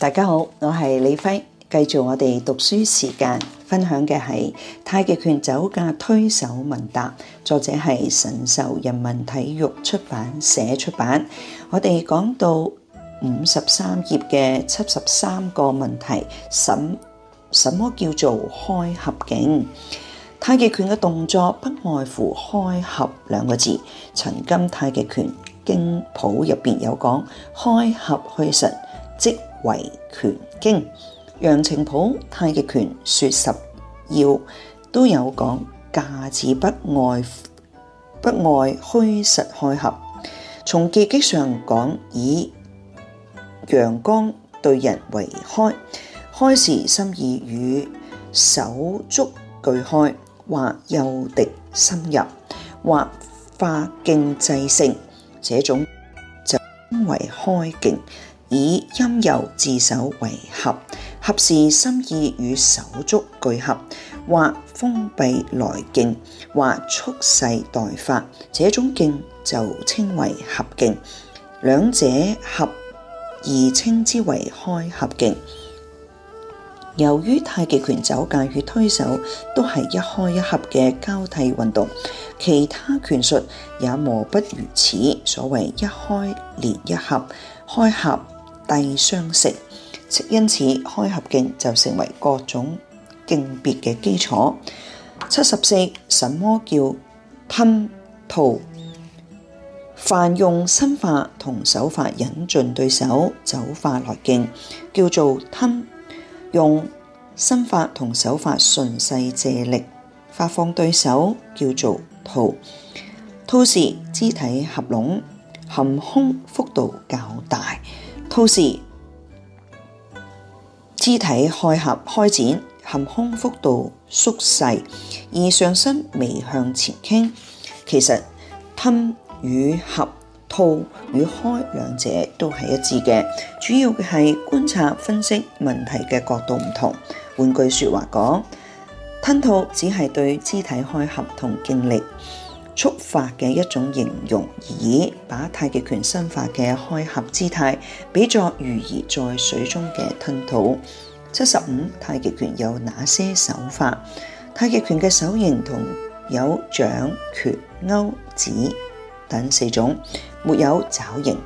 大家好，我係李輝，繼續我哋讀書時間，分享嘅係太極拳走架推手問答，作者係神秀人民體育出版社出版。我哋講到五十三頁嘅七十三個問題，什麼什麼叫做開合勁？太極拳嘅動作不外乎開合兩個字。陳金太極拳經譜入邊有講，開合虛實。即為拳經，楊澄甫《太極拳説十要》都有講，架子不外不外虛實開合。從技擊上講，以陽光對人為開，開時心意與手足俱開，或誘敵深入，或化勁制勝。這種就為開勁。以陰柔自守為合，合時心意與手足聚合，或封閉來勁，或蓄勢待發。這種勁就稱為合勁，兩者合而稱之為開合勁。由於太極拳走架與推手都係一開一合嘅交替運動，其他拳術也莫不如此。所謂一開連一合，開合。低相食，因此開合勁就成為各種勁別嘅基礎。七十四，什麼叫吞吐？凡用身法同手法引進對手走化來勁，叫做吞；用身法同手法順勢借力發放對手，叫做吐。吐時肢體合攏，含胸幅度較大。吐時肢體開合開展，含胸幅度縮細，而上身微向前傾。其實吞與合、吐與開兩者都係一致嘅，主要嘅係觀察分析問題嘅角度唔同。換句話說話講，吞吐只係對肢體開合同勁力。觸發嘅一種形容而已，以把太極拳身法嘅開合姿態比作魚兒在水中嘅吞吐。七十五，太極拳有哪些手法？太極拳嘅手型同有掌、拳、勾、指等四種，沒有爪型。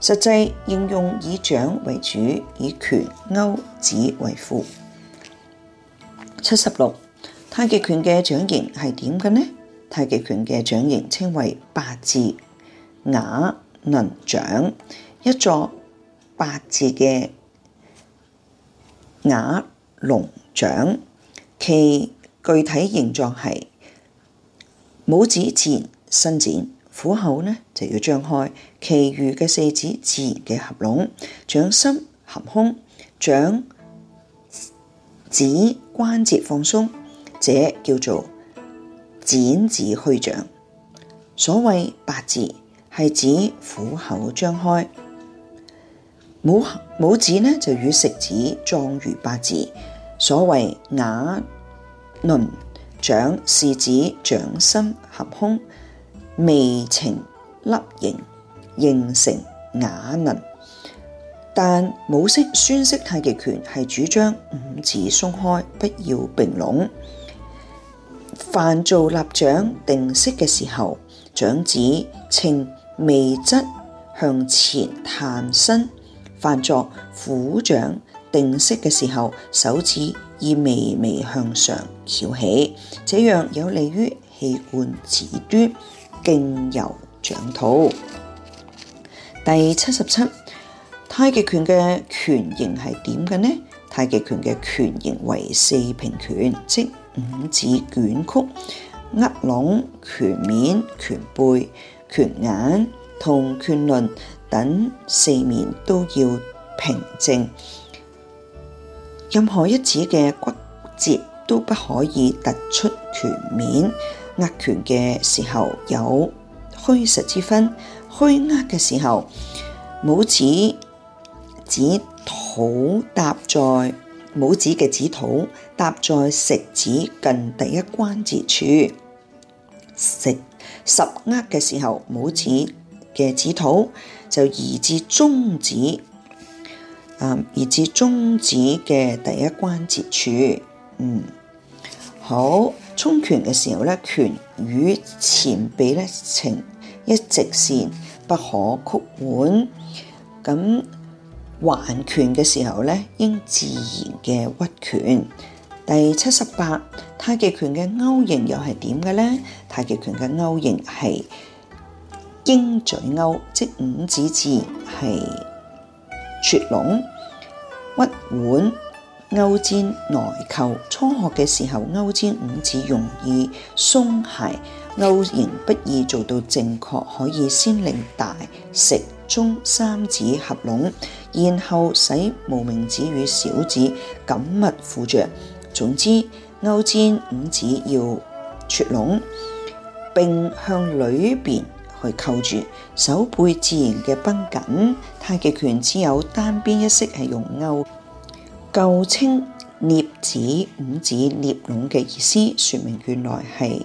實際應用以掌為主，以拳、勾、指為輔。七十六，太極拳嘅掌型係點嘅呢？太極拳嘅掌形稱為八字瓦楞掌，一座八字嘅瓦楞掌，其具體形狀係拇指自然伸展，虎口呢就要張開，其餘嘅四指自然嘅合攏，掌心含空，掌指關節放鬆，這叫做，剪字虛掌，所謂八字係指虎口張開，拇拇指呢就與食指狀如八字。所謂瓦楞掌是指掌心合空，微呈凹形，形成瓦楞。但武式、孫式太極拳係主張五指鬆開，不要併攏。凡做立掌定式嘅時候，掌指呈微側向前探身；凡作虎掌定式嘅時候，手指以微微向上翹起，這樣有利於氣貫指端、經由掌肚。第七十七，太極拳嘅拳型係點嘅呢？太極拳嘅拳型為四平拳，即五指捲曲，握攏拳面、拳背、拳眼同拳輪等四面都要平靜。任何一指嘅骨節都不可以突出拳面。握拳嘅時候有虛實之分，虛握嘅時候，拇指指肚搭在拇指嘅指肚。搭在食指近第一關節處，食十握嘅時候，拇指嘅指肚就移至中指，啊、嗯，移至中指嘅第一關節處。嗯，好，沖拳嘅時候咧，拳與前臂咧呈一直線，不可曲腕。咁還拳嘅時候咧，應自然嘅屈拳。第七十八，太極拳嘅勾形又係點嘅呢？太極拳嘅勾形係鷹嘴勾，即五指字係撮攏，屈腕，勾尖內扣。初學嘅時候，勾尖五指容易鬆懈，勾形不易做到正確。可以先令大食中三指合攏，然後使無名指與小指緊密附着。總之，勾尖五指要撮攏，並向裏邊去扣住手背，自然嘅繃緊。太極拳只有單邊一式係用勾，舊稱捏指，五指捏攏嘅意思，說明原來係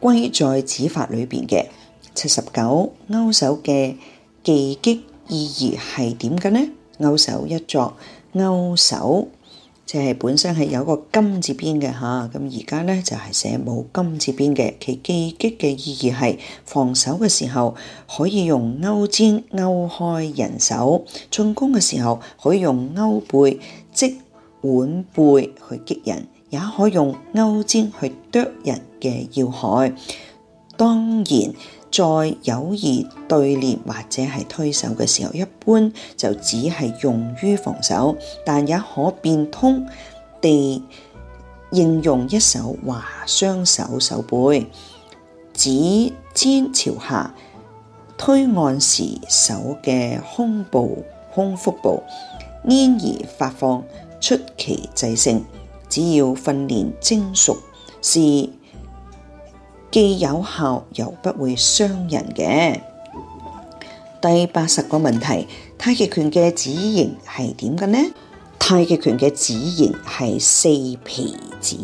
歸在指法裏邊嘅。七十九，勾手嘅技擊意義係點嘅呢？勾手一作勾手。歐即係本身係有個金字邊嘅嚇，咁而家咧就係、是、寫冇金字邊嘅，其技擊嘅意義係防守嘅時候可以用勾尖勾開人手，進攻嘅時候可以用勾背即腕背去擊人，也可用勾尖去啄人嘅要害。當然。在友誼對練或者係推手嘅時候，一般就只係用於防守，但也可變通地應用一手或雙手手背，指尖朝下推按時手嘅胸部、胸腹部黏而發放，出奇制勝。只要訓練精熟，是。既有效又不會傷人嘅第八十個問題，太極拳嘅指形係點嘅呢？太極拳嘅指形係四皮指，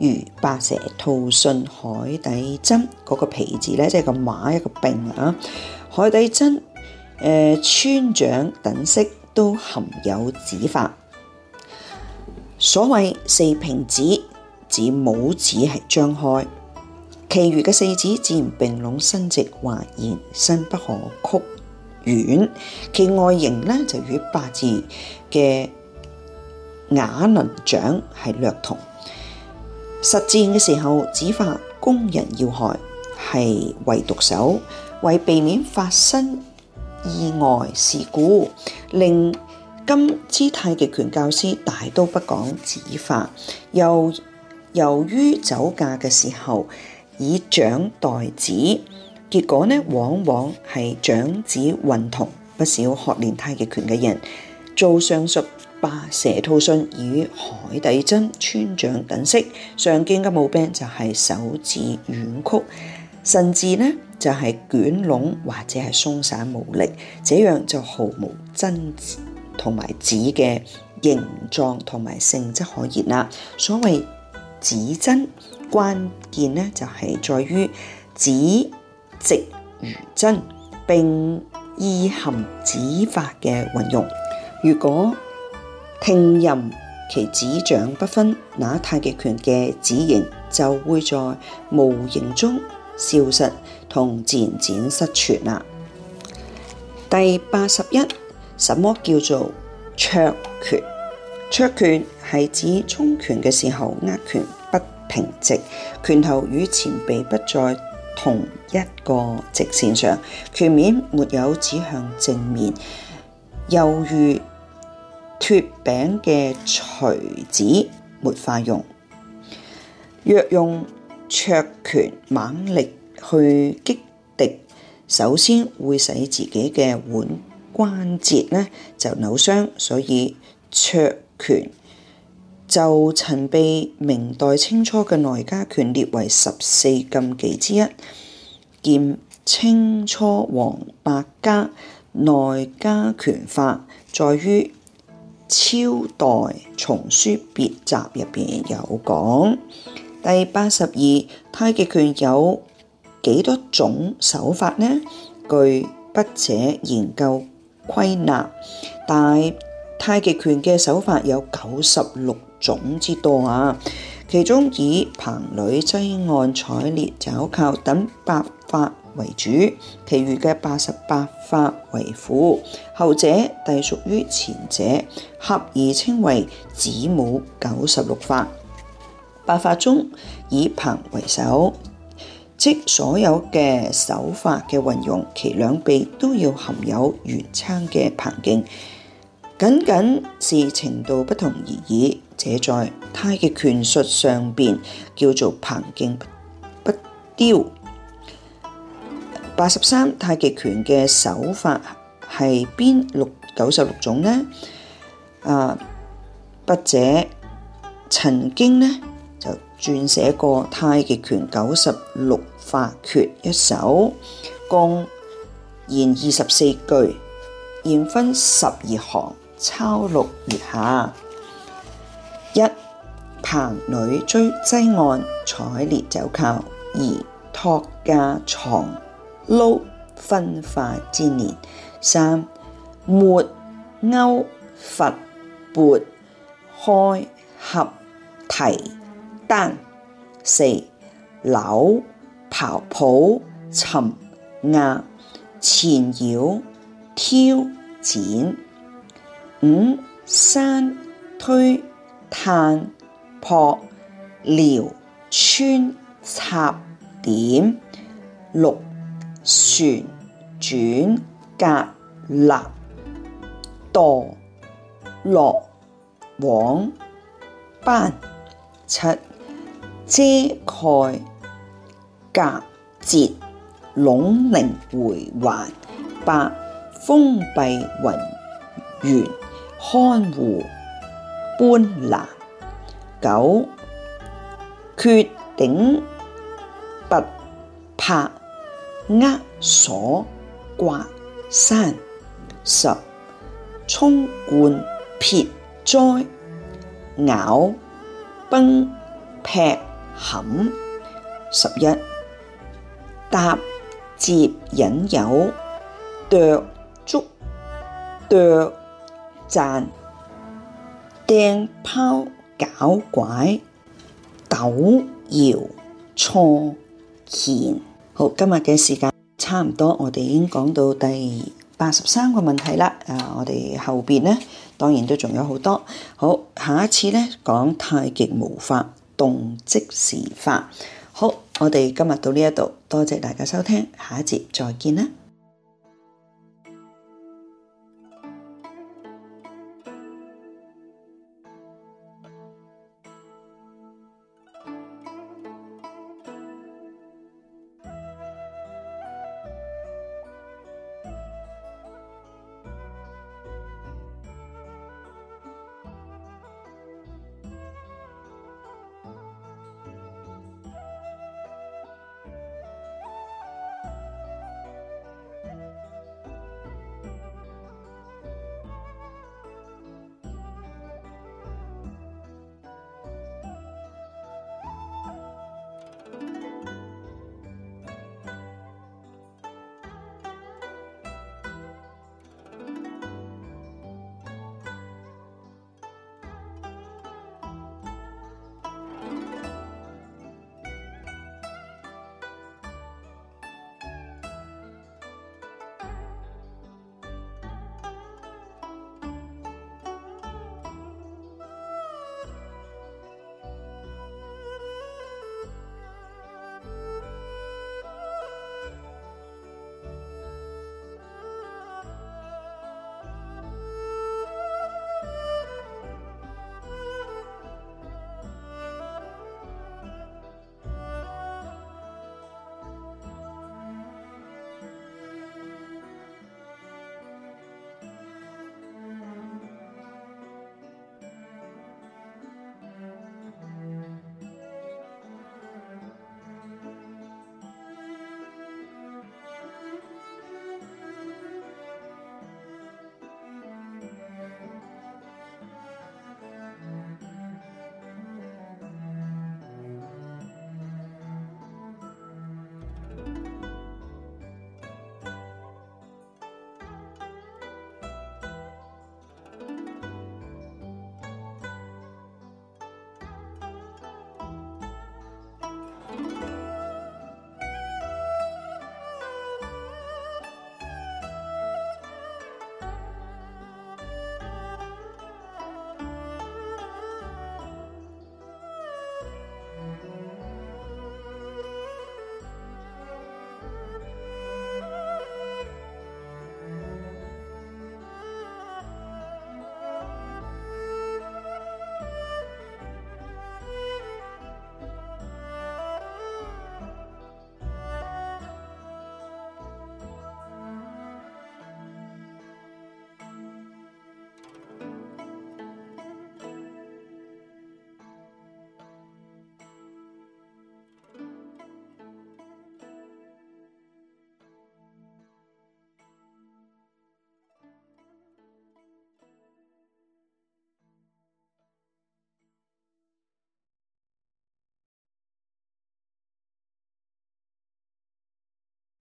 如白蛇吐信、海底針嗰、那個皮字咧，即係個馬一個并啊。海底針、誒、呃、穿掌等式都含有指法。所謂四平指，指拇指係張開。其餘嘅四指自然併攏伸直，話然身不可曲軟，其外形咧就與八字嘅瓦楞掌係略同。實戰嘅時候，指法攻人要害，係為毒手。為避免發生意外事故，令今之太極拳教師大都不講指法。又由於走架嘅時候，以掌代指，結果呢往往係掌指混同。不少學練太極拳嘅人做上述白蛇吐信與海底針、穿掌等式，常見嘅毛病就係手指軟曲，甚至呢就係、是、捲攏或者係鬆散無力，這樣就毫無真指同埋指嘅形狀同埋性質可言啦。所謂指針關鍵呢，就係、是、在於指直如針，並意含指法嘅運用。如果聽任其指掌不分，那太極拳嘅指形就會在無形中消失同漸漸失傳啦。第八十一，什麼叫做卓拳？綽拳係指衝拳嘅時候握拳不平直，拳頭與前臂不在同一個直綫上，拳面沒有指向正面，猶如脱柄嘅錘子，沒法用。若用綽拳猛力去擊敵，首先會使自己嘅腕關節呢就扭傷，所以綽拳就曾被明代清初嘅內家拳列為十四禁忌之一。見清初黃百家《內家拳法》在於《超代從書別集》入邊有講第八十二。太極拳有幾多種手法呢？據筆者研究歸納。大太極拳嘅手法有九十六種之多啊，其中以掤、捋、擠、按、採、挒、肘、靠等八法為主，其餘嘅八十八法為輔，後者隸屬於前者，合而稱為子母九十六法。八法中以掤為首，即所有嘅手法嘅運用，其兩臂都要含有圓撐嘅掤勁。僅僅是程度不同而已，這在太極拳術上邊，叫做掤勁不不丟。八十三太極拳嘅手法係邊六九十六種呢？啊，筆者曾經呢就撰寫過太極拳九十六法訣一首，共言二十四句，言分十二行。抄錄如下：一、掤捋擠按，採挒肘靠；二、托家藏撈分化之年；三、沒鈎佛撥開合提單；四、扭刨抱，沉壓纏繞挑剪。五、山推探破撩村插點，六、旋轉格立墮落往班，七、遮蓋夾截攏擰回環，八、封閉渾圓。云看護搬攔九決頂拔拍呃鎖刮山十衝冠撇災咬崩劈冚十一搭接引誘剁、捉、剁。剁剁剁剁站掟拋搞拐抖搖錯欠，好，今日嘅時間差唔多，我哋已經講到第八十三個問題啦。啊，我哋後邊呢，當然都仲有好多。好，下一次呢講「太極無法動即是法」。好，我哋今日到呢一度，多謝大家收聽，下一節再見啦。